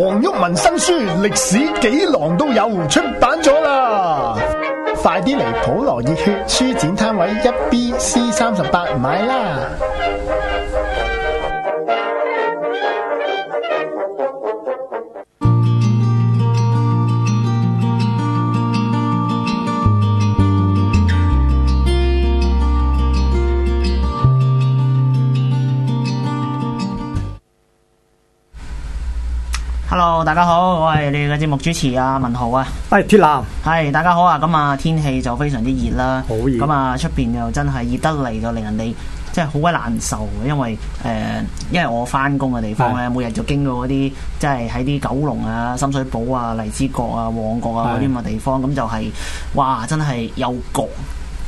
黃毓民新書《歷史幾浪》都有出版咗啦， 快啲嚟普羅熱血書展攤位一 B C 三十八買啦！hello，大家好，我係你哋嘅節目主持阿文豪啊，係鐵男，係大家好啊，咁啊天氣就非常之熱啦，好熱熱，咁啊出邊又真係熱得嚟，就令人哋真係好鬼難受，因為誒、呃，因為我翻工嘅地方咧，的每日就經過嗰啲即係喺啲九龍啊、深水埗啊、荔枝角啊、旺角啊嗰啲咁嘅地方，咁的就係、是、哇，真係又焗，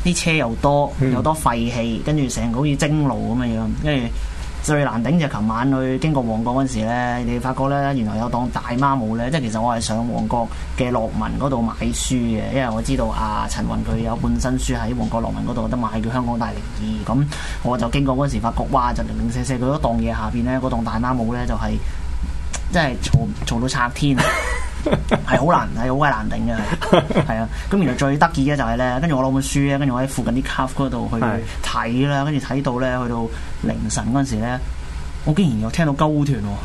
啲車又多，又、嗯、多廢氣，跟住成個好似蒸爐咁嘅樣，跟住。最難頂就係琴晚去經過旺角嗰陣時咧，你發覺呢，原來有檔大媽舞呢。即係其實我係上旺角嘅樂文嗰度買書嘅，因為我知道阿、啊、陳雲佢有本新書喺旺角樂文嗰度有得買叫《香港大靈異》，咁我就經過嗰陣時發覺，哇！就零零四四。佢嗰檔嘢下邊呢，嗰檔大媽舞呢、就係，就係即係嘈嘈到拆天。 係好 難，係好鬼難頂嘅，係啊！咁原來最得意嘅就係、是、咧，跟住我攞本書咧，跟住我喺附近啲 cafe 嗰度去睇啦，跟住睇到咧，去到凌晨嗰陣時咧，我竟然又聽到鳩團、哦。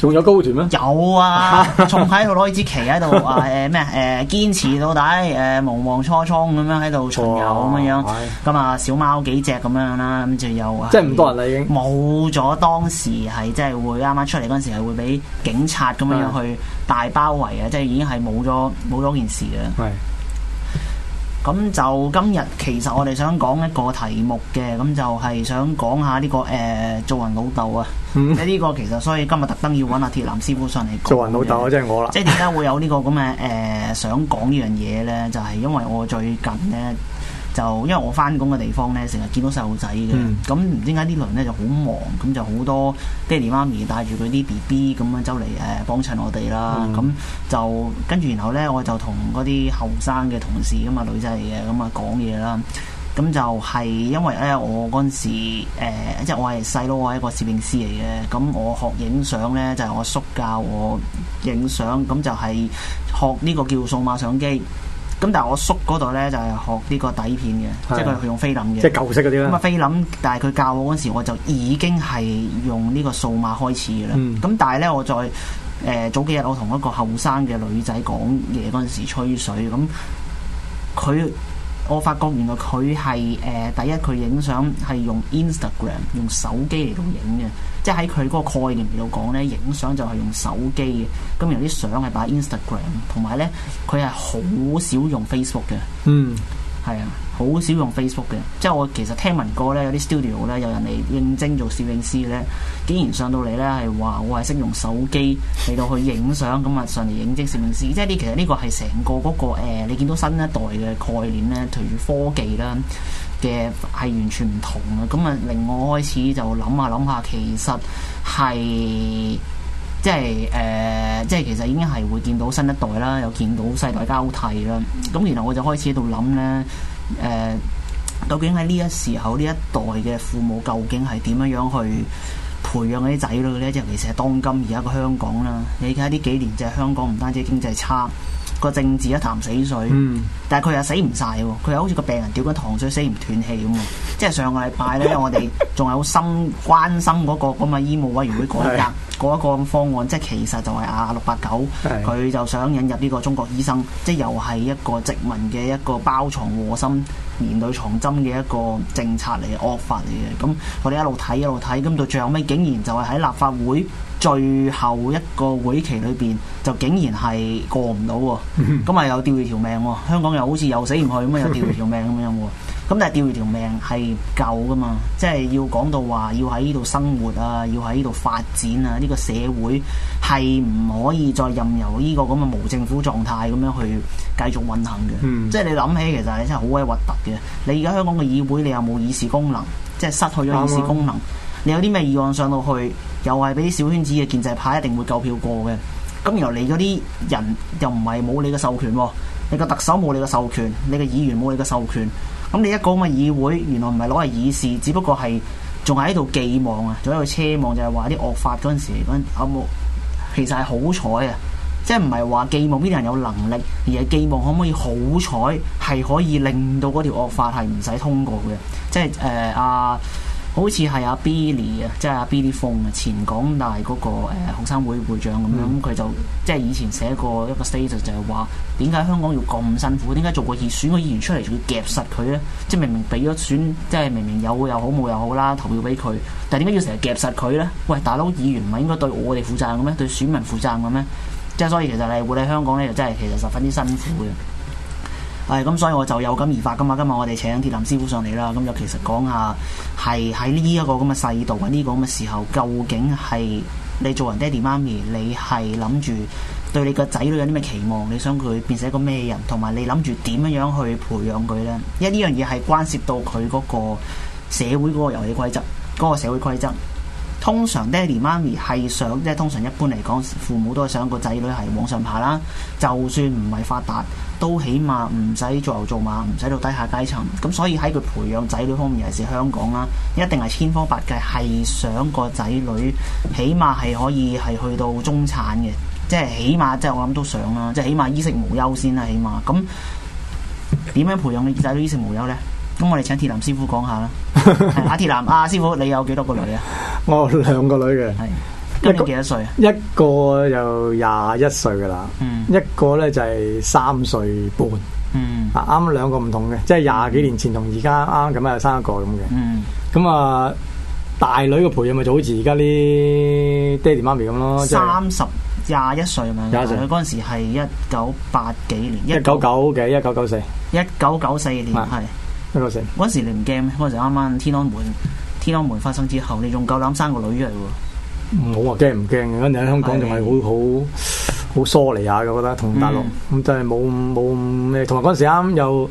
仲有高官團咩？有啊， 仲喺度攞支旗喺度話誒咩誒堅持到底誒無望初衷咁樣喺度巡遊咁樣咁啊，小貓幾隻咁樣啦，咁就又即係唔多人啦已經，冇咗當時係即係會啱啱出嚟嗰陣時係會俾警察咁樣去大包圍啊，即係的已經係冇咗冇咗件事啦。對咁就今日其實我哋想講一個題目嘅，咁就係想講下呢、呢個誒、呃，做人老豆啊，即呢 個其實所以今日特登要揾阿、啊、鐵男師傅上嚟講。做人老豆啊，即係我啦。 即係點解會有呢個咁嘅誒想講呢樣嘢呢，就係、是、因為我最近呢。 就因為我翻工嘅地方呢，成日見到細路仔嘅，咁唔、嗯嗯嗯、知點解呢輪呢就好忙，咁就好多爹哋媽咪帶住佢啲 BB 咁樣走嚟誒幫襯我哋啦，咁、嗯、就跟住然後呢，我就同嗰啲後生嘅同事啊嘛女仔嚟嘅，咁啊講嘢啦，咁就係因為呢，我嗰陣時、呃、即係我係細佬，我係一個攝影師嚟嘅，咁我學影相呢，就係、是、我叔教我影相，咁就係學呢個叫數碼相機。咁但係我叔嗰度呢，就係、是、學呢個底片嘅，的即係佢用菲林嘅。即係舊式嗰啲咧。咁啊菲林，但係佢教我嗰時，我就已經係用呢個數碼開始嘅啦。咁、嗯、但係呢，我再、呃、早幾日我同一個後生嘅女仔講嘢嗰陣時吹水，咁佢我發覺原來佢係誒第一佢影相係用 Instagram 用手機嚟到影嘅。即喺佢嗰個概念嚟到講呢，影相就係用手機嘅，咁有啲相係擺 Instagram，同埋呢，佢係好少用 Facebook 嘅。嗯，係啊，好少用 Facebook 嘅。即係我其實聽聞過呢，有啲 studio 呢，有人嚟應徵做攝影師呢，竟然上到嚟呢，係話我係識用手機嚟到去影相，咁啊上嚟應徵攝影師。即係呢，其實呢個係成個嗰個，呃，你見到新一代嘅概念呢，隨住科技啦。嘅係完全唔同嘅，咁啊令我開始就諗下諗下，其實係即係誒，即係、呃、其實已經係會見到新一代啦，又見到世代交替啦。咁、嗯嗯、然後我就開始喺度諗呢，誒、呃，究竟喺呢一時候呢一代嘅父母究竟係點樣樣去培養嗰啲仔女呢？即尤其係當今而家嘅香港啦，你睇下呢幾年就係香港唔單止經濟差。個政治一潭死水，但係佢又死唔晒喎，佢又好似個病人吊緊糖水死唔斷氣咁喎。即係上個禮拜呢， 我哋仲有心關心嗰個咁嘅醫務委員會改革嗰一的個方案，即係其實就係啊六八九，佢的就想引入呢個中國醫生，即係又係一個殖民嘅一個包藏禍心、面對藏針嘅一個政策嚟惡法嚟嘅。咁我哋一路睇一路睇，咁到最後尾竟然就係喺立法會。最後一個會期裏邊，就竟然係過唔到喎，咁啊又掉住條命喎、哦。香港又好似又死唔去咁啊，又掉住條命咁樣喎、哦。咁但係掉住條命係夠噶嘛？即係要講到話要喺呢度生活啊，要喺呢度發展啊，呢、呢個社會係唔可以再任由呢個咁嘅無政府狀態咁樣去繼續運行嘅。即係 你諗起，其實你真係好鬼核突嘅。你而家香港嘅議會，你又冇議事功能，即係失去咗議事功能。對吧 你有啲咩議案上到去？又係俾小圈子嘅建制派一定會夠票過嘅，咁由你嗰啲人又唔係冇你嘅授權喎、哦，你個特首冇你嘅授權，你嘅議員冇你嘅授權，咁你一個咁嘅議會，原來唔係攞嚟議事，只不過係仲喺度寄望啊，仲喺度奢望就係話啲惡法嗰陣時嗰陣其實係好彩啊，即係唔係話寄望呢啲人有能力，而係寄望可唔可以好彩係可以令到嗰條惡法係唔使通過嘅，即係誒阿。呃啊好似係阿 Billy 啊，即係阿 Billy Fong 啊，前港大嗰個誒學生會會長咁樣，佢、嗯、就即係以前寫過一個 status 就係話點解香港要咁辛苦？點解做個熱選，選個議員出嚟仲要夾實佢咧？即係明明俾咗選，即係明明有又好冇又好啦，投票俾佢，但係點解要成日夾實佢咧？喂，大佬，議員唔係應該對我哋負責嘅咩？對選民負責嘅咩？即係所以其實你活喺香港咧，就真係其實十分之辛苦嘅。嗯誒，咁、嗯、所以我就有感而發噶嘛。今日我哋請鐵林師傅上嚟啦。咁、嗯、就其實講下，係喺呢一個咁嘅世道啊，呢、這個咁嘅時候，究竟係你作為爹哋媽咪，你係諗住對你個仔女有啲咩期望？你想佢變成一個咩人？同埋你諗住點樣樣去培養佢呢？因為呢樣嘢係關涉到佢嗰個社會嗰個遊戲規則，嗰、那個社會規則。通常爹哋媽咪係想，即係通常一般嚟講，父母都係想個仔女係往上爬啦。就算唔係發達。都起碼唔使做牛做馬，唔使到低下階層，咁所以喺佢培養仔女方面，尤其是香港啦，一定係千方百計，係想個仔女起碼係可以係去到中產嘅，即係起碼即係、就是、我諗都想啦，即係起碼衣食無憂先啦，起碼咁點樣培養你仔女衣食無憂呢？咁我哋請鐵男師傅講下啦。阿 鐵男啊，師傅你有幾多個女啊？我兩個女嘅。今年幾多歲一個，一個就廿一歲噶啦，嗯、一個咧就係三歲半。嗯，啊啱兩個唔同嘅，即係廿幾年前同而家啱咁樣又生一個咁嘅。嗯，咁啊大女嘅培養咪就好似而家啲爹哋媽咪咁咯。三十廿一歲咪廿一歲，嗰陣 24 時係一九八幾年，一九九幾，一九九四，一九九四年係一九四。嗰陣 1994 時你唔驚？嗰陣時啱啱天安門，天安門發生之後，你仲夠膽生個女嚟喎？唔好啊！驚唔驚？嗰陣時喺香港仲係好好好疏離下嘅，我覺得同大陸咁、嗯、真係冇冇咩。同埋嗰陣時啱又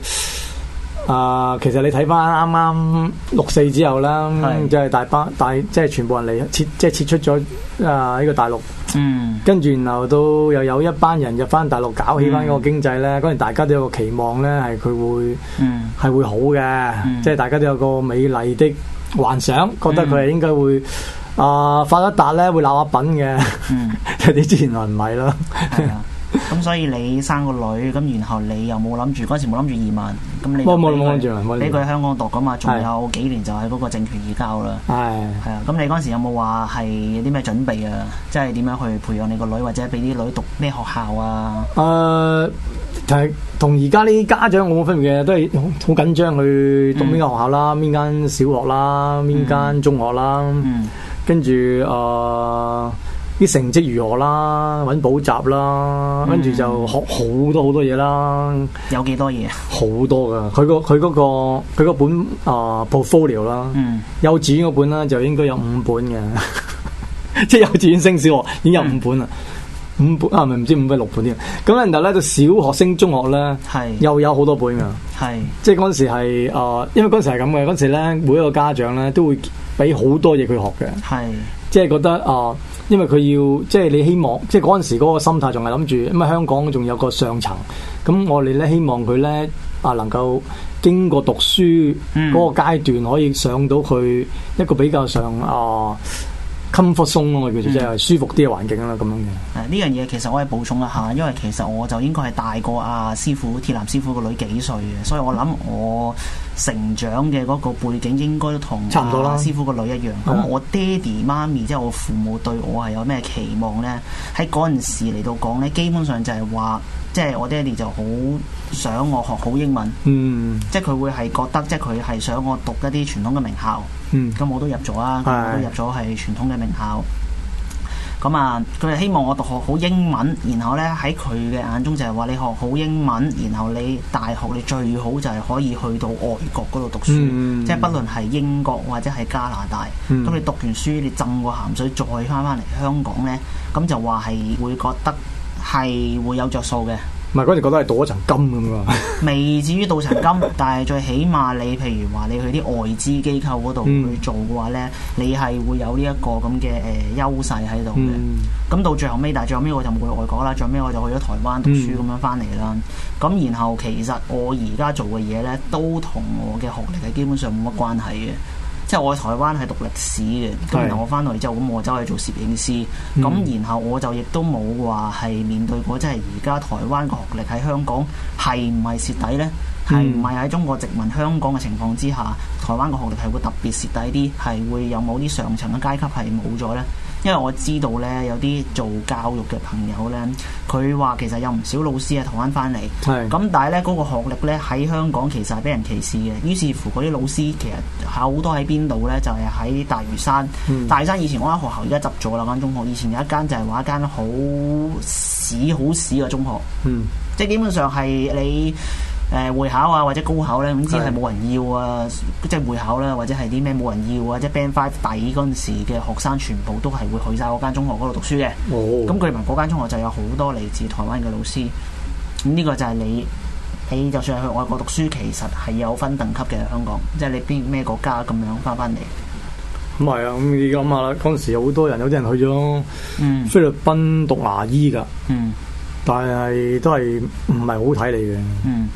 啊、呃，其實你睇翻啱啱六四之後啦，即係、嗯、大班大即係、即係、全部人嚟撤，即、就、係、是、撤出咗啊呢個大陸。嗯，跟住然後都又有一班人入翻大陸搞起翻嗰個經濟咧。嗰陣、嗯、大家都有個期望咧，係佢會係、嗯、會好嘅，嗯、即係大家都有個美麗的幻想，覺得佢係應該會。啊，發咗笪咧會鬧下品嘅，你之前然唔氣咯。係啊，咁所以你生個女，咁然後你又冇諗住嗰時冇諗住移民，咁你冇冇住俾佢香港讀噶嘛，仲有幾年就喺嗰個政權移交啦。係。係啊，咁你嗰時有冇話係有啲咩準備啊？即係點樣去培養你個女，或者俾啲女讀咩學校啊？誒，就係同而家呢啲家長我冇分別嘅，都係好緊張去讀邊間學校啦，邊間小學啦，邊間中學啦。嗯。跟住啊，啲、呃、成績如何啦？揾補習啦，跟住、嗯、就學好多好多嘢啦。有幾多嘢啊？好多噶，佢個佢嗰、嗰個佢個本啊、呃、portfolio 啦，嗯、幼稚園嗰本呢，就應該有五本嘅， 即係幼稚園升小學已經有五本啦。嗯。五本啊，咪唔知五分六本添。咁咧，然後咧就小學升中學咧，是又有好多本啊。係是，即係嗰陣時係、呃、因為嗰陣時係咁嘅。嗰陣時咧，每一個家長咧都會俾好多嘢佢學嘅。係是，即係覺得啊、呃，因為佢要即係你希望，即係嗰陣時嗰個心態仲係諗住咁啊，因為香港仲有個上層，咁我哋咧希望佢咧啊能夠經過讀書嗰個階段，可以上到去一個比較上啊。呃嗯 Comfort zone 咯，叫做即係舒服啲嘅環境啦，咁樣嘅、啊。係呢樣嘢，其實我係補充一下，因為其實我就應該係大過阿、啊、師傅鐵男師傅個女幾歲嘅，所以我諗我成長嘅嗰個背景應該都同、啊、師傅個女一樣。咁、嗯、我爹哋媽咪即係、就是、我父母對我係有咩期望咧？喺嗰陣時嚟到講咧，基本上就係話。即係我爹哋就好想我學好英文，嗯、即係佢會係覺得，即係佢係想我讀一啲傳統嘅名校，咁、嗯、我都入咗啦，嗯、我都入咗係傳統嘅名校。咁啊，佢係希望我讀學好，好英文，然後呢，喺佢嘅眼中就係話你學好英文，然後你大學你最好就係可以去到外國嗰度讀書，嗯、即係不論係英國或者係加拿大。咁、嗯、你讀完書你浸過鹹水再翻返嚟香港呢，咁就話係會覺得。係會有着數嘅，唔係嗰時覺得係鍍一層金咁樣？ 未至於鍍層金，但係最起碼你譬如話你去啲外資機構嗰度去做嘅話呢、嗯、你係會有呢一個咁嘅誒優勢喺度嘅。咁、嗯、到最後尾，但係最後尾我就冇去外國啦，最後尾我就去咗台灣讀書咁樣翻嚟啦。咁、嗯、然後其實我而家做嘅嘢呢，都同我嘅學歷係基本上冇乜關係嘅。即係我喺台灣係讀歷史嘅，咁是然後我翻到嚟之後，咁我走去做攝影師，咁、嗯、然後我就亦都冇話係面對過，即係而家台灣嘅學歷喺香港係唔係蝕底呢？係唔係喺中國殖民香港嘅情況之下，台灣嘅學歷係會特別蝕底啲，係會有冇啲上層嘅階級係冇咗呢？因為我知道呢，有啲做教育嘅朋友呢，佢話其實有唔少老師喺台灣翻嚟，咁是但係呢，嗰、那個學歷呢喺香港其實係俾人歧視嘅。於是乎嗰啲老師其實好多喺邊度呢？就係、是、喺大嶼山。嗯、大嶼山以前我間學校而家執咗啦間中學，以前有一間就係話一間好屎好屎嘅中學，嗯、即係基本上係你。誒會考啊，或者高考咧，總之係冇人要啊，是即係會考啦、啊，或者係啲咩冇人要啊，即係 Band Five 底嗰陣時嘅學生，全部都係會去晒嗰間中學嗰度讀書嘅。咁據聞嗰間中學就有好多嚟自台灣嘅老師。咁、嗯、呢、這個就係你，你就算係去外國讀書，其實係有分等級嘅。香港即係你邊咩國家咁樣翻翻嚟。咁係啊，咁而家咁啊，嗰陣時有好多人，有啲人去咗菲律賓讀牙醫㗎。嗯，但係都係唔係好睇你嘅。嗯。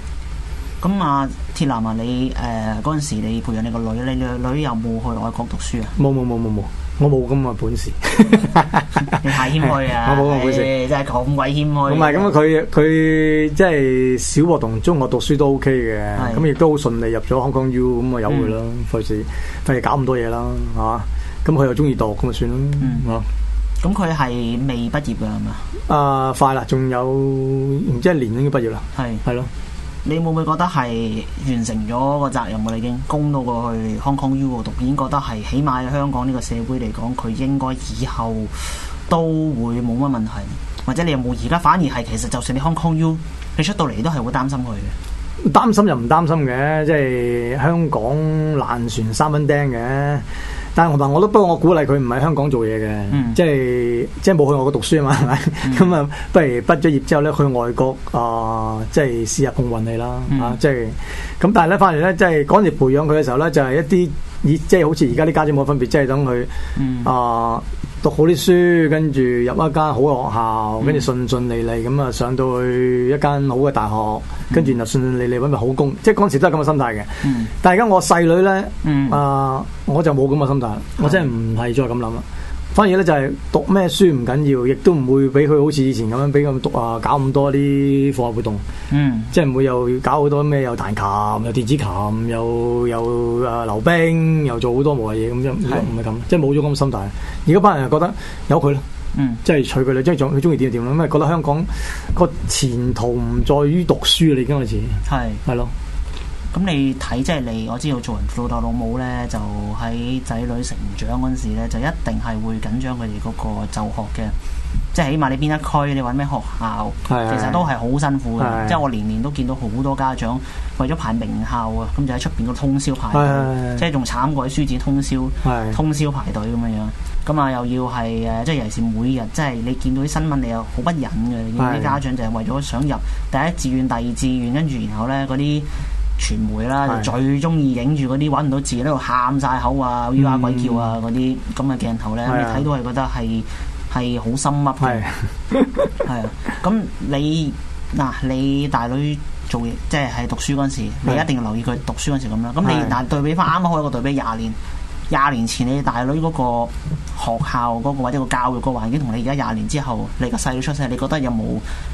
咁啊、嗯，鐵男啊，你誒嗰陣時你培養你個女，你個女有冇去外國讀書啊？冇冇冇冇冇，我冇咁嘅本事。 你太謙虛啊！我冇咁嘅本事，哎、真係咁鬼謙虛。唔係咁佢佢即係小學同中學讀書都 OK 嘅，咁亦都好順利入咗香港 U，咁啊由佢啦，費事費事搞咁多嘢啦，係、嗯、嘛？咁佢又中意讀，咁就算啦。咁佢係未畢業㗎係嘛？啊，快是啦，仲有唔知一年應該畢業啦。係係咯。你會唔會覺得係完成咗個責任嘅啦？你已經供到過去 Hong Kong U 讀，已經覺得係起碼香港呢個社會嚟講，佢應該以後都會冇乜問題。或者你有冇而家反而係其實就算你 Hong Kong U 你出到嚟都係會擔心佢嘅？擔心又唔擔心嘅，即係香港爛船三分釘嘅。但係我話我，都不過我鼓勵佢唔喺香港做嘢嘅，即係即係冇去外國讀書啊嘛，係咪、嗯？咁啊、 嗯，不如畢咗業之後咧去外國啊、呃，即係試下碰運氣啦，啊，嗯、即係咁。但係咧翻嚟咧，即係嗰陣時培養佢嘅時候咧，就係、是、一啲以即係好似而家啲家長冇分別，即係等佢啊。嗯呃讀好啲書，跟住入一間好嘅學校，跟住順順利利咁啊上到去一間好嘅大學，跟住就順順利利搵個好工，即係嗰時都係咁嘅心態嘅。但係而家我細女咧，啊、嗯呃、我就冇咁嘅心態，我真係唔係再咁諗啦。反而咧就係讀咩書唔緊要，亦都唔會俾佢好似以前咁樣俾咁讀啊，搞咁多啲課外活動，嗯，即係唔會又搞好多咩又彈琴又電子琴又又誒溜冰又做好多冇謂嘢咁樣，唔係咁，即係冇咗咁深大。但而家班人又覺得由佢咯，嗯，即係取佢你即係仲佢中意點就點，因為覺得香港個前途唔在於讀書，你已經好似係係咯。是咁你睇，即係你我知道做人老豆老母呢，就喺仔女成長嗰陣時咧，就一定係會緊張佢哋嗰個就學嘅。即係起碼你邊一區，你揾咩學校，是的 其實都係好辛苦嘅。即係是的 我年年都見到好多家長為咗排名校啊，咁就喺出邊嗰通宵排隊，即係仲慘過喺書展通宵通宵排隊咁樣樣。咁啊，又要係即係尤其是每日，即係你見到啲新聞，你又好不忍嘅。啲家長就係為咗想入第一志願，第二志願，跟住然後呢嗰啲。傳媒啦，是最中意影住嗰啲揾唔到字，喺度喊晒口啊，咿、嗯呃、啊、鬼叫啊嗰啲咁嘅鏡頭咧，你睇到係覺得係係好深刻，係係是啊！咁你嗱、啊，你大女做嘢，即係喺讀書嗰陣時，是你一定要留意佢讀書嗰陣時咁啦咁樣。咁你嗱是對比翻啱啱開個對比廿年。廿年前你大女嗰個學校嗰個或者個教育個環境，同你而家廿年之後你個細佬出世，你覺得有冇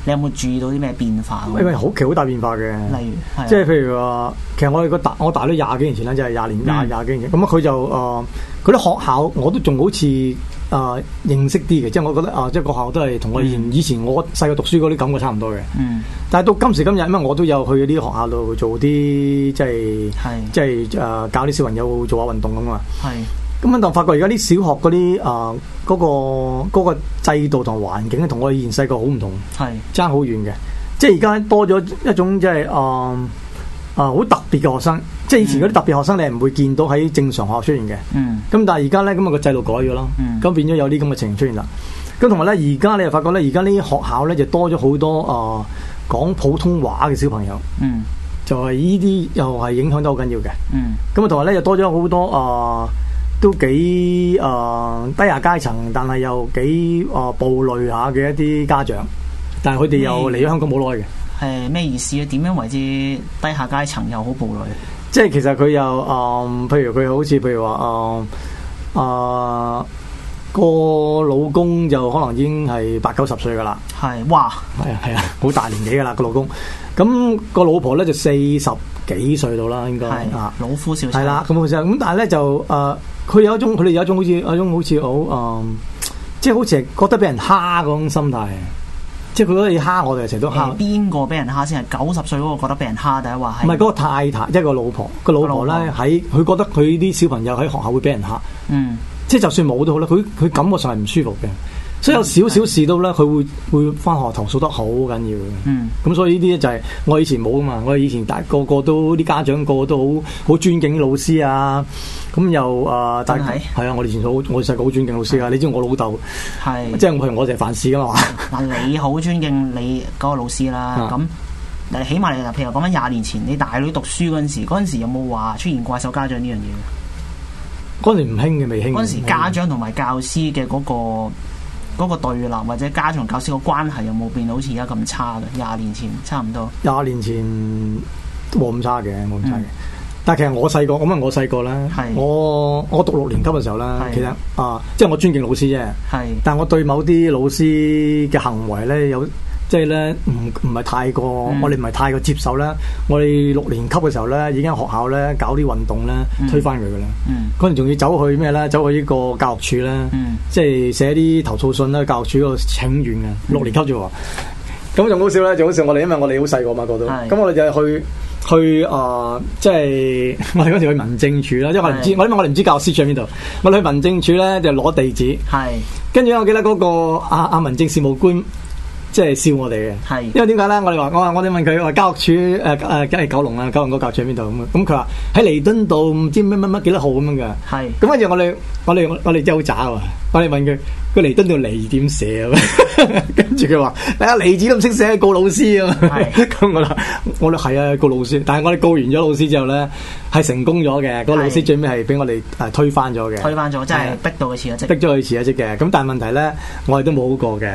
你有冇注意到啲咩變化？因為，好奇好大變化嘅，例如即係譬如話。其實我哋個大我大咗廿幾年前啦，即係廿年廿廿幾年咁啊。佢就啊，啲、呃、學校我都仲好似啊、呃，認識啲嘅。即係我覺得啊、呃，即係學校都係同我以前、嗯、以前我細個讀書嗰啲感覺差唔多嘅。嗯。但係到今時今日因啊，我都有去啲學校度做啲即係是即係啊，教、呃、啲小朋友做下運動咁嘛。係。咁樣當發覺而家啲小學嗰啲啊，嗰、呃那個那個制度同環境同我以前細個好唔同。係。爭好遠嘅，即係而家多咗一種即係啊。啊，好特別嘅學生，即係以前嗰啲特別學生，你係唔會見到喺正常學校出現嘅。咁、嗯、但係而家咧，咁、那、啊個制度改咗咯，咁、嗯、變咗有啲咁嘅情形出現啦。咁同埋咧，而家你又發覺咧，而家呢啲學校咧就多咗好多啊、呃、講普通話嘅小朋友，嗯、就係呢啲又係影響得好緊要嘅。咁啊同埋咧，又多咗好多啊、呃、都幾啊、呃、低下階層，但係又幾啊、呃、暴戾下嘅一啲家長，但係佢哋又嚟咗香港冇耐嘅。嗯係，咩意思啊？點樣為之低下階層又好暴戾？即係其實佢又誒，譬如佢好似譬如話誒誒，個老公就可能已經係八九十歲噶啦。係哇，係啊係啊，好、啊、 大年紀噶啦個老公。咁個老婆咧就四十幾歲到啦，應該係是、啊、老夫少妻啦咁樣。咁但係咧就誒，佢、呃、有一種佢哋有一種好似一種好似、嗯就是、好誒，即係好似係覺得俾人蝦嗰種心態。即係佢可以蝦我哋成日都蝦，邊個俾人蝦先？係九十歲嗰個覺得俾人蝦，第一話係？唔係嗰個太太，一個老婆，個老婆咧喺，佢婆覺得佢啲小朋友喺學校會俾人蝦。嗯，即係就算冇都好啦，佢佢感覺上係唔舒服嘅。所以有少少事都咧，佢會會返學堂數得好緊要嘅。嗯，咁所以呢啲咧就係、是、我以前冇啊嘛。我以前大個個都啲家長個個都好好尊敬老師啊。咁又啊，係、呃、的啊，我哋以前好，我哋細個好尊敬老師啊。你知我老豆係，即係我同我哋係犯事嘅嘛。嗱，你好尊敬你嗰個老師啦。咁誒的起碼你譬如講返廿年前，你大女讀書嗰陣時，嗰時有冇話出現怪獸家長呢樣嘢？嗰陣時唔興嘅，未興。嗰陣時家長同埋教師嘅嗰、那個。嗰個對立或者家長同教師個關係有冇變到好似而家咁差嘅？廿年前差唔多。廿年前冇咁差嘅，冇咁差嘅。嗯、但係其實我細個，咁我細個啦，我我，是的 我，我讀六年級嘅時候啦，是的 其實啊，即係我尊敬老師啫。是的 但係我對某啲老師嘅行為咧有。即係咧，唔唔係太過，嗯、我哋唔係太過接受啦。我哋六年級嘅時候咧，已經喺學校咧搞啲運動咧，推翻佢噶啦。嗰陣仲要走去咩咧？走去呢個教育處咧，嗯、即係寫啲投訴信啦，教育處嗰度請願嘅。六年級啫喎，咁仲、嗯、好笑咧，就好笑。我哋因為我哋好細個嘛，嗰度。咁我哋就去去啊，即係我哋嗰陣去民政處啦，因為我唔知是的、呃，我因為我唔知，是的 我唔知教育處喺邊度。我哋去民政處咧就攞地址，係的的。跟住我記得嗰個阿阿民政事，事務官。即係笑我哋嘅，係，因為點解咧？我哋話，我話、呃嗯、是我哋問佢話教育處誒誒，梗係九龍啊，九龍嗰教育處喺邊度咁？咁佢話喺彌敦道唔知乜乜乜幾多號咁樣噶，係。咁跟住我哋，我哋我我哋真係好渣啊！我哋問佢個彌敦道彌點寫，跟住佢話啊，離子都唔識寫，告老師啊，咁我啦，我哋係啊，告老師，但係我哋告完咗老師之後咧，係成功咗嘅，嗰個老師最尾係俾我哋推翻咗嘅，是推翻咗，真係逼到佢辭咗職，逼咗佢辭咗職嘅。咁但係問題咧，我哋都冇好過嘅，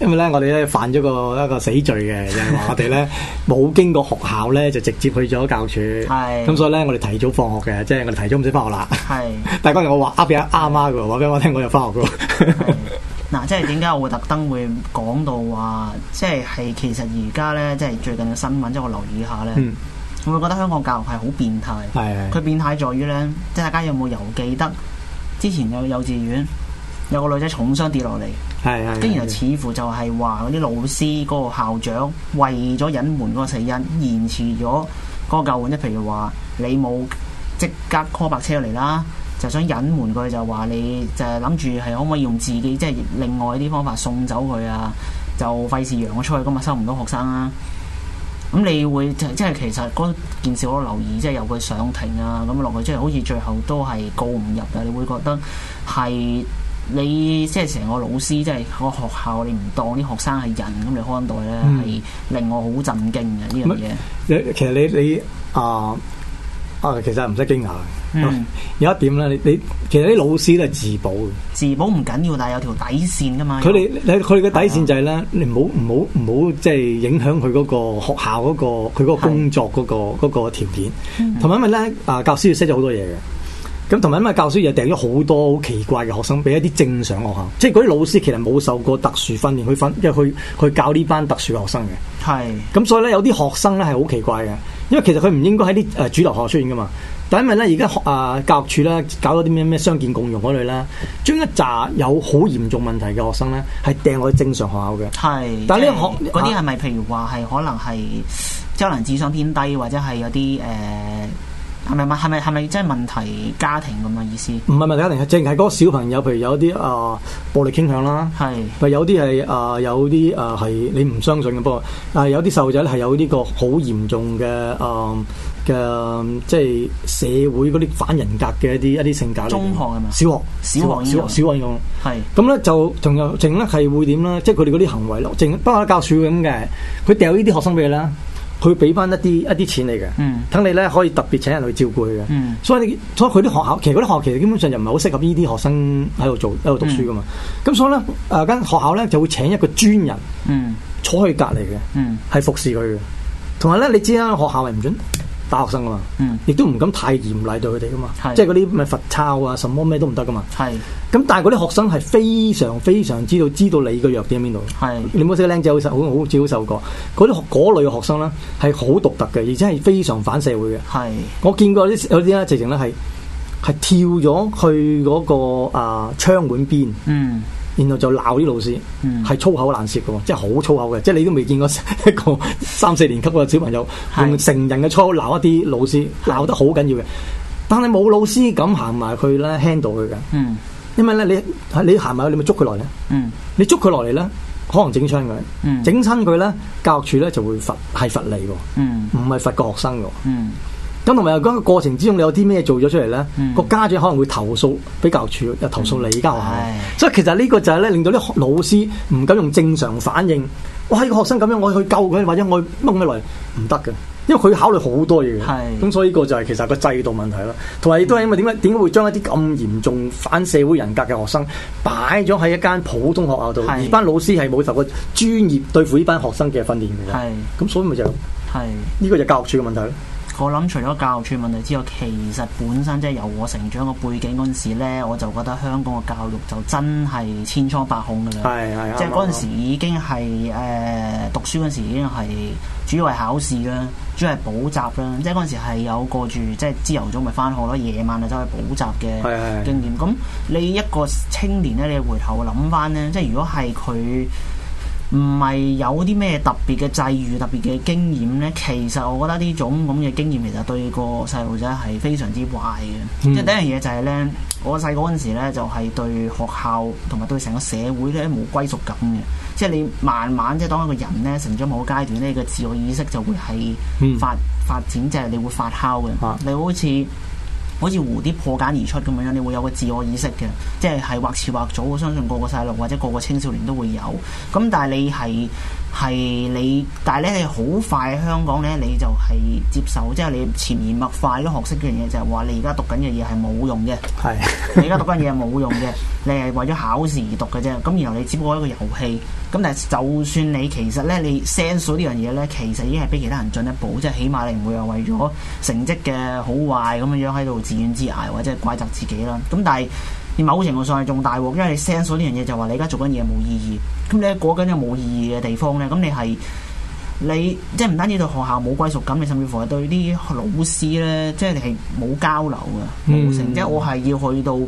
因為咧我哋咧。犯咗個一個死罪嘅，就係、是、話我哋咧冇經過學校咧，就直接去咗教處。係咁 的，所以咧我哋提早放學嘅，即係我哋提早唔使返學啦。係但係嗰陣我話噏俾阿阿媽嘅，話俾我媽聽，我又返學嘅。嗱，即係點解我會特登會講到話，即係係其實而家咧，即係最近嘅新聞，即係我留意下咧，嗯、我會覺得香港教育係好變態。係佢的變態在於咧，即係大家有冇猶記得之前有幼稚園有個女仔重傷跌落嚟。係，竟 然似乎就係話嗰啲老師、嗰、嗰個校長為咗隱瞞嗰個死因，延遲咗嗰個救援啫。譬如話你冇即刻 call 白車嚟啦，就想隱瞞佢，就話你就諗住係可唔可以用自己即係另外啲方法送走佢啊？就費事讓我出去咁啊，收唔到學生啊。咁你會即係其實嗰件事我都留意，即係由佢上庭啊，咁落去即係好似最後都係告唔入嘅。你會覺得係？你即係成個老師，即係個學校，你唔當啲學生係人咁你看待咧，係、嗯、令我好震驚嘅呢樣嘢。你其實你你啊啊，其實唔使驚訝有一點咧，你你其實啲老師都係自保嘅，自保唔緊要，但係有條底線噶嘛。佢哋佢哋嘅底線就係、是、咧，啊、你唔好唔好唔好即係影響佢嗰個學校嗰、那個佢嗰個工作嗰、那個嗰的個條件。同埋因為咧啊，教師要識咗好多嘢嘅。咁同埋因為教書又掟咗好多好奇怪嘅學生俾一啲正常學校，即係嗰啲老師其實冇受過特殊訓練，因為去訓，即係去去教呢班特殊學生嘅。係是。咁所以咧，有啲學生咧係好奇怪嘅，因為其實佢唔應該喺啲誒主流學校出現噶嘛。但係因為咧而家啊教育署咧搞咗啲咩咩傷健共融嗰類啦，將一紮有好嚴重問題嘅學生咧係掟去正常學校嘅。係是。但係呢學嗰啲係咪譬如話係可能係即係可能智商偏低或者係有啲誒？呃係咪咪係咪係咪即係問題家庭咁嘅意思？唔係問題家庭，淨係嗰個小朋友，譬如有啲啊、呃、暴力傾向啦，係咪是有啲係啊有啲啊係你唔相信嘅。不過啊、呃，有啲細路仔咧係有呢個好嚴重嘅啊嘅，即係社會嗰啲反人格嘅一啲一啲性格。中學係咪學？小學小學小學小學用係咁咧，就仲有淨咧係會點咧？即係佢哋嗰啲行為咯，淨不嬲教書咁嘅，佢掉呢啲學生俾你啦。佢俾翻一啲一啲錢你嘅，等你咧可以特別請人去照顧佢嘅、嗯。所以你，所以佢啲學校其實嗰啲學校其實基本上就唔係好適合呢啲學生喺度做喺度讀書㗎嘛。咁、嗯、所以咧，誒、呃、間學校咧就會請一個專人坐喺隔離嘅，係、嗯、服侍佢嘅。同埋咧，你知啦、啊，學校係唔准打學生啊嘛，亦都唔敢太嚴厲對佢哋噶嘛。是即係嗰啲咪罰抄啊，什麼咩都唔得噶嘛。係是，咁但係嗰啲學生係非常非常知道知道你個弱點喺邊度。係是，你冇識個僆仔好實好好，只好受，受，受過。嗰啲嗰類學生咧係好獨特嘅，而且係非常反社會嘅。係是，我見過啲有啲咧直情咧係係跳咗去嗰、嗰個啊窗門邊。嗯。然後就鬧啲老師，係、嗯、粗口爛舌嘅，即係好粗口嘅，即係你都未見過一個 三四年級嘅小朋友的用成人嘅粗口鬧一啲老師，鬧得好緊要嘅。但係冇老師敢行埋去咧，handle 佢嘅。嗯，因為咧你你行埋去，你咪捉佢落嚟？嗯，你捉佢落嚟咧，可能整傷佢。整親佢咧，教育處咧就會罰係罰你嘅。罰嗯，唔係罰個學生嘅。嗯。咁同埋又講個過程之中，你有啲咩做咗出嚟咧？個、嗯、家長可能會投訴畀教育處，又投訴你間學校。嗯、所以其實呢個就係咧，令到啲老師唔敢用正常反應。哇！個學生咁樣，我去救佢，或者我掹佢落嚟，唔得嘅。因為佢考慮好多嘢。係是。咁所以呢個就係其實個制度問題啦。同埋亦都係因為點解點解會將一啲咁嚴重反社會人格嘅學生擺咗喺一間普通學校度，而是班老師係冇受過專業對付呢班學生嘅訓練嘅。係是。咁所以咪就係、是、呢是個就教育處嘅問題咯。我諗除咗教育處問題之外，其實本身即係由我成長嘅背景嗰陣時咧，我就覺得香港嘅教育就真係千瘡百孔嘅啦。係係啊，即係嗰陣時已經係誒、呃、讀書嗰時已經係主要係考試啦，主要係補習啦。即係嗰陣時係有過住，即係朝頭早咪翻學咯，夜晚就走去補習嘅經驗。咁你一個青年咧，你回頭諗翻咧，即係如果係佢。唔係有啲咩特別嘅際遇、特別嘅經驗呢？其實我覺得呢種咁嘅經驗，其實對個細路仔係非常之壞嘅。即第一樣嘢就係呢，我細個嗰陣時呢，就係對學校同埋對成個社會呢，冇歸屬感嘅。即係你慢慢即係當一個人呢，成長某個階段呢，個自我意識就會係發、嗯、發展即係你會發酵嘅。啊、你好似～好似蝴蝶破繭而出咁樣樣，你會有個自我意識嘅，即係係或遲或早，我相信個個細路或者個個青少年都會有。咁但係你係。係你，但係咧，你好快香港咧，你就係接受，即係你潛移默化都學識呢樣嘢，就係、是、話你而家讀緊嘅嘢係冇用嘅。係是 你而家讀緊嘢係冇用嘅，你係為咗考試而讀嘅啫。咁然後你只不過一個遊戲。咁但係就算你其實咧，你 sense 咗呢樣嘢咧，其實已經係比其他人進一步，即係起碼你唔會話為咗成績嘅好壞咁樣樣喺度自怨自艾或者怪責自己啦。咁但係。某程度上係仲大鑊，因為你 sense 咗呢樣嘢就話你而家做緊嘢冇意義，咁你過緊嘅冇意義嘅地方咧，咁你係你即係唔單止對學校冇歸屬感，你甚至乎係對啲老師咧，即你係冇交流嘅，冇、嗯、成。即係我係要去到。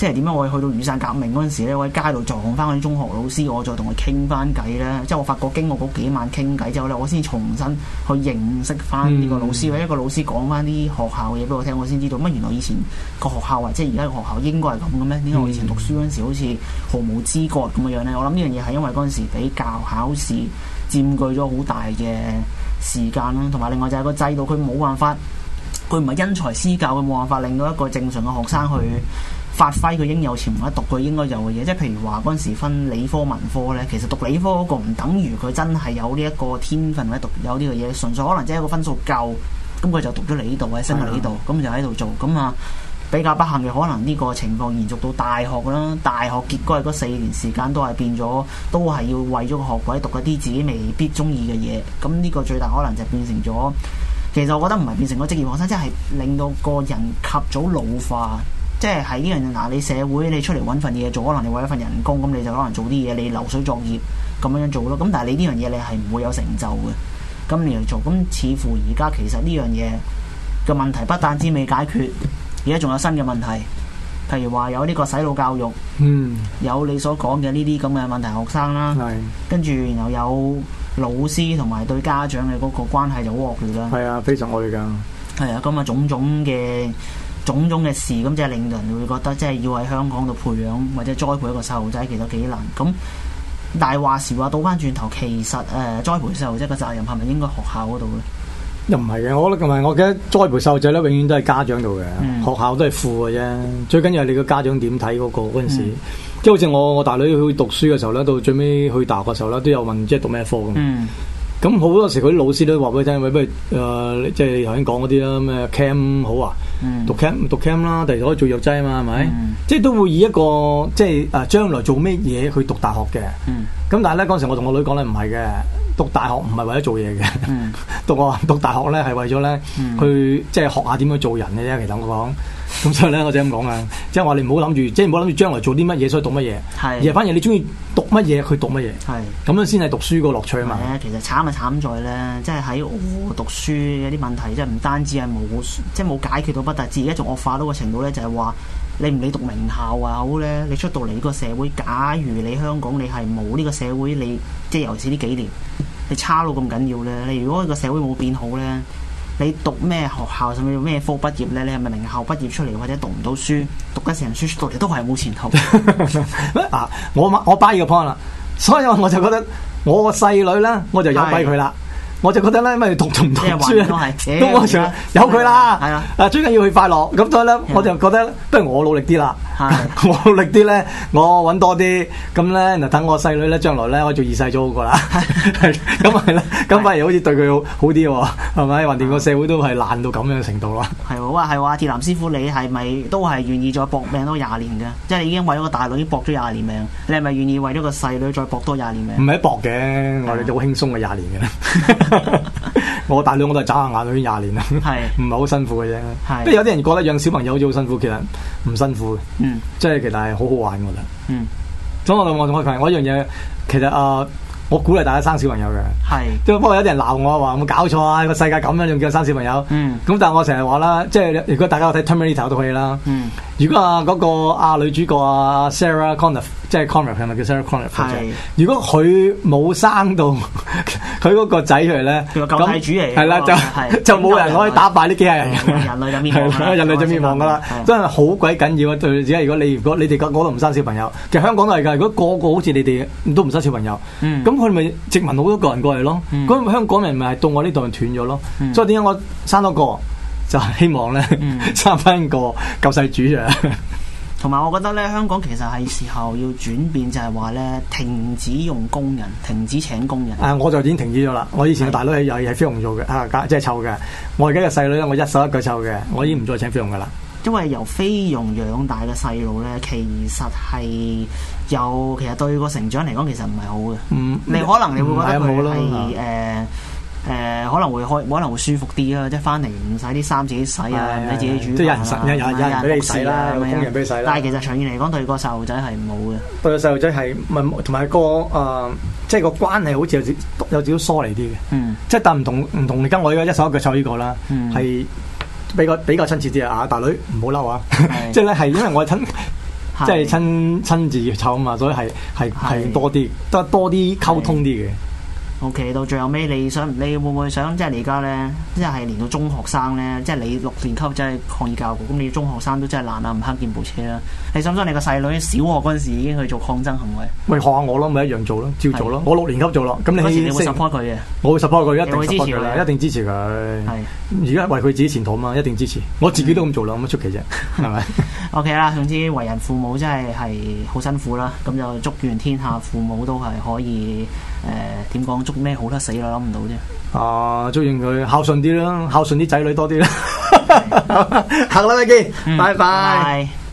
即係點樣？我去到雨傘革命嗰陣時咧，我喺街度撞翻嗰啲中學老師，我再同佢傾翻偈呢。即係我發覺，經過嗰幾晚傾偈之後呢，我先重新去認識翻呢個老師，或者、嗯、一個老師講翻啲學校嘅嘢俾我聽，我先知道乜原來以前個學校或者而家個學校應該係咁嘅咩？點解我以前讀書嗰陣時好似毫無知覺咁嘅樣呢？我諗呢樣嘢係因為嗰陣時俾教考試佔據咗好大嘅時間啦，同埋另外就係個制度佢冇辦法，佢唔係因材施教，佢冇辦法令到一個正常嘅學生去。發揮佢應有潛能，讀佢應該有嘅嘢，即係譬如話嗰陣時分理科、文科呢，其實讀理科嗰個唔等於佢真係有呢一個天分，或者讀有呢個嘢，純粹可能即係個分數夠，咁佢就讀咗你呢度，喺生物你呢度，咁就喺度做咁啊。比較不幸嘅可能呢個情況延續到大學啦。大學結果係嗰四年時間都係變咗，都係要為咗個學位讀一啲自己未必中意嘅嘢。咁呢個最大可能就變成咗，其實我覺得唔係變成個職業學生，即係令到個人及早老化。即係喺呢樣嘢嗱、啊，你社會你出嚟揾份嘢做，可能你為一份人工，咁你就可能做啲嘢，你流水作業咁樣樣做咯。咁但係你呢樣嘢，你係唔會有成就嘅。咁你嚟做，咁似乎而家其實呢樣嘢嘅問題不但止未解決，而家仲有新嘅問題。譬如話有呢個洗腦教育，嗯，有你所講嘅呢啲咁嘅問題學生啦，是跟住然後有老師同埋對家長嘅嗰個關係就好惡劣啦，係啊，非常惡劣，係啊，咁啊種種嘅。種種嘅事咁，即係令人會覺得，即係要喺香港度培養或者栽培一個細路仔其實幾難。咁但係話時話倒翻轉頭，其實誒栽培細路仔嘅責任係咪應該學校嗰度咧？又唔係嘅，我覺得。同埋我記得栽培細路仔咧，永遠都係家長度嘅，嗯、學校都係輔嘅啫。最緊要係你個家長點睇嗰個嗰陣時。嗯、即係好似我我大女去讀書嘅時候咧，到最尾去大學嘅時候咧，都有問即係讀咩科咁。嗯咁好、嗯、多時，佢啲老師都話俾你聽，喂，不如誒、呃，即係頭先講嗰啲啦，咩 CAM 好啊，嗯、讀 CAM 讀 CAM 啦，第二可以做藥劑啊嘛，係咪？嗯、即係都會以一個即係誒、啊、將來做咩嘢去讀大學嘅。咁、嗯、但係咧，嗰陣時我同我女講咧，唔係嘅，讀大學唔係為咗做嘢嘅，讀我、嗯、 讀大學咧係為咗咧、嗯、去即係學下點樣做人嘅啫。其實我講。咁、 嗯、所以咧，我就咁講啊，即係話你唔好諗住，即係唔好諗住將來做啲乜嘢，所以讀乜嘢。係是而反而你中意讀乜嘢，佢讀乜嘢。係咁是樣先係讀書個樂趣啊嘛。其實慘就慘在咧，即係喺我讀書啲問題，即係唔單止係冇，即係冇解決到不但止而家仲惡化到個程度咧，就係、是、話你唔理讀名校啊好咧，你出到嚟呢個社會，假如你香港你係冇呢個社會，你即係尤其是呢幾年，你差到咁緊要咧。你如果個社會冇變好咧。你讀咩學校，甚至咩科畢業咧？你係咪名校畢業出嚟，或者讀唔到書，讀得成書出到嚟都係冇前途。 啊！我買我 buy 個 point 啦，所以我就覺得我個細女咧，我就有 buy 佢啦。哎、呀我就覺得咧，咪讀同唔到書都我想有佢啦。係啊、哎呀，啊，最緊要去快樂。咁所以咧，我就覺得不如我努力啲啦。我努力啲咧，我揾多啲，咁咧嗱，等我細女咧，將來咧，我做二世祖好過啦。咁咪咧，咁反而好似對佢好啲喎，係咪？橫掂個社會都係爛到咁樣程度囉。係喎，哇，係喎，鐵男師傅，你係咪都係願意再搏命多廿年嘅？ 即係已經為咗個大女搏咗廿年命，你係咪願意為咗個細女再搏多廿年命？唔係搏嘅，我哋好輕鬆嘅廿年嘅。我大佬我都係眨下眼，已經廿年啦，唔係好辛苦嘅啫。不過是有啲人覺得養小朋友好似好辛苦，其實唔辛苦嘅，嗯、即係其實係好好玩我覺得，啦、嗯。咁我同我仲凱講，我一樣嘢，其實啊、呃，我鼓勵大家生小朋友嘅。都不過有啲人鬧我話冇搞錯啊，個世界咁樣仲叫生小朋友。咁、嗯、但係我成日話啦，即係如果大家睇《Terminator》呢套都可以啦。嗯、如果啊嗰、那個啊女主角啊 Sarah Connor 即係 Connor 係咪叫 Sarah Connor？如果佢冇生到佢嗰個仔出嚟咧，救世主嚟，係啦，就就冇人可以打敗呢幾廿人，人類就滅亡啦。人類就滅亡噶啦，真係好鬼緊要啊！對只係，如果你如果你哋我我都唔生小朋友，其實香港都係㗎。如果個個好似你哋都唔生小朋友，咁佢咪殖民好多個人過嚟咯。咁香港人咪係到我呢度就斷咗咯。所以點解我生多個就希望咧生翻個救世主啫？同埋，我覺得咧，香港其實係時候要轉變，就係話咧，停止用工人，停止請工人。誒、啊，我就已經停止咗啦。我以前嘅大女係係菲傭做嘅，的啊，即係湊嘅。我而家嘅細女咧，我一手一個湊嘅。我已經唔再請菲傭噶啦。因為由菲傭養大嘅細路咧，其實係有，其實對個成長嚟講，其實唔係好嘅。嗯，你可能你會覺得佢係誒。誒，可能會開，可能會舒服啲啦，即係翻嚟唔使啲衫自己洗啊，自己煮飯啊，有有人俾你洗啦，有工人俾你洗。但係其實長遠嚟講對個細路仔係唔好嘅。對個細路仔係同埋個誒，即係個關係好似有少有少疏離啲嘅。即係但唔同唔同你跟我依家一手一腳湊呢個啦，係比較比較親切啲啊！大女唔好嬲啊！即係咧係因為我親，即係親親自湊啊嘛，所以係係多啲，多多啲溝通啲嘅。O、okay, K，到最後尾你，你想你會唔會想即係你而家咧，即係連到中學生咧，即係你六年級真係抗議教育，咁你中學生都真係難啦，唔肯見部車啦。你想唔想你個細女小學嗰陣時已經去做抗爭行為？喂，學下我咯，咪一樣做咯，照做咯。是我六年級做啦，咁你你會 support 佢嘅？我 support 佢，一定 s u p 一定支持佢。係而家為佢自己前途嘛，一定支持。是我自己都咁做啦，咁出、嗯、奇啫，係咪？O K 啦，總之為人父母真係係好辛苦啦。咁就祝願天下父母都係可以。誒，點講、呃、捉咩好得死啦，我諗唔到啫。哦、啊，捉完佢孝順啲啦，孝順啲仔女多啲啦。 行啦，再見，嗯、拜拜。拜拜拜拜